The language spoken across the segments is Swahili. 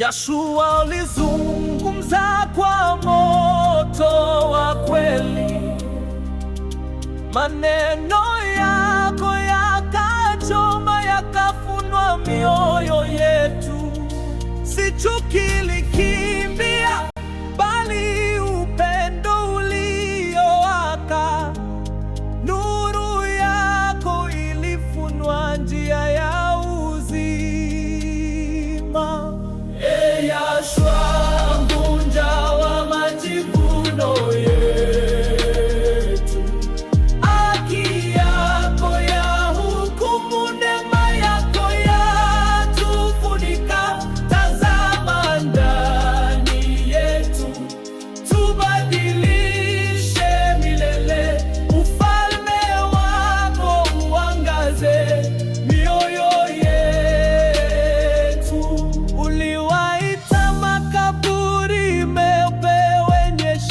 Yashua alizungumza kwa moto wa kweli maneno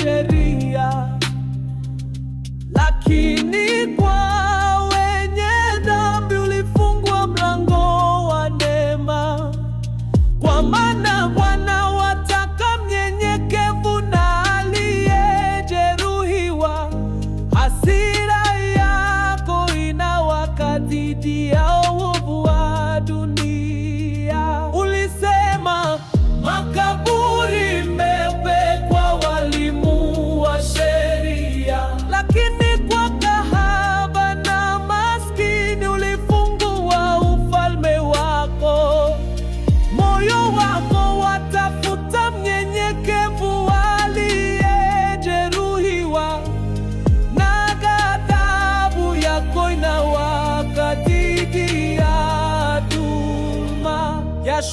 sheria, lakini kwa wenye dhambi ulifungwa mlango wa neema, kwa maana Bwana wataka mnyenyekevu na aliyejeruhiwa, hasira yako inawaka dhidi yao.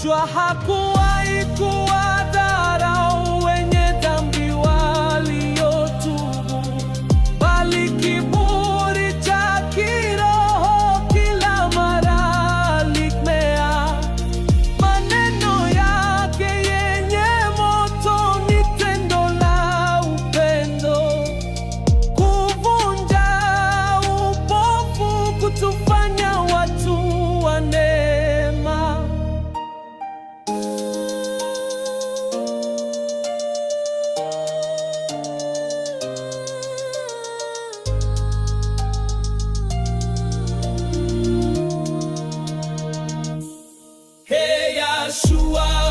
kichwa hakuwahi kuwa sua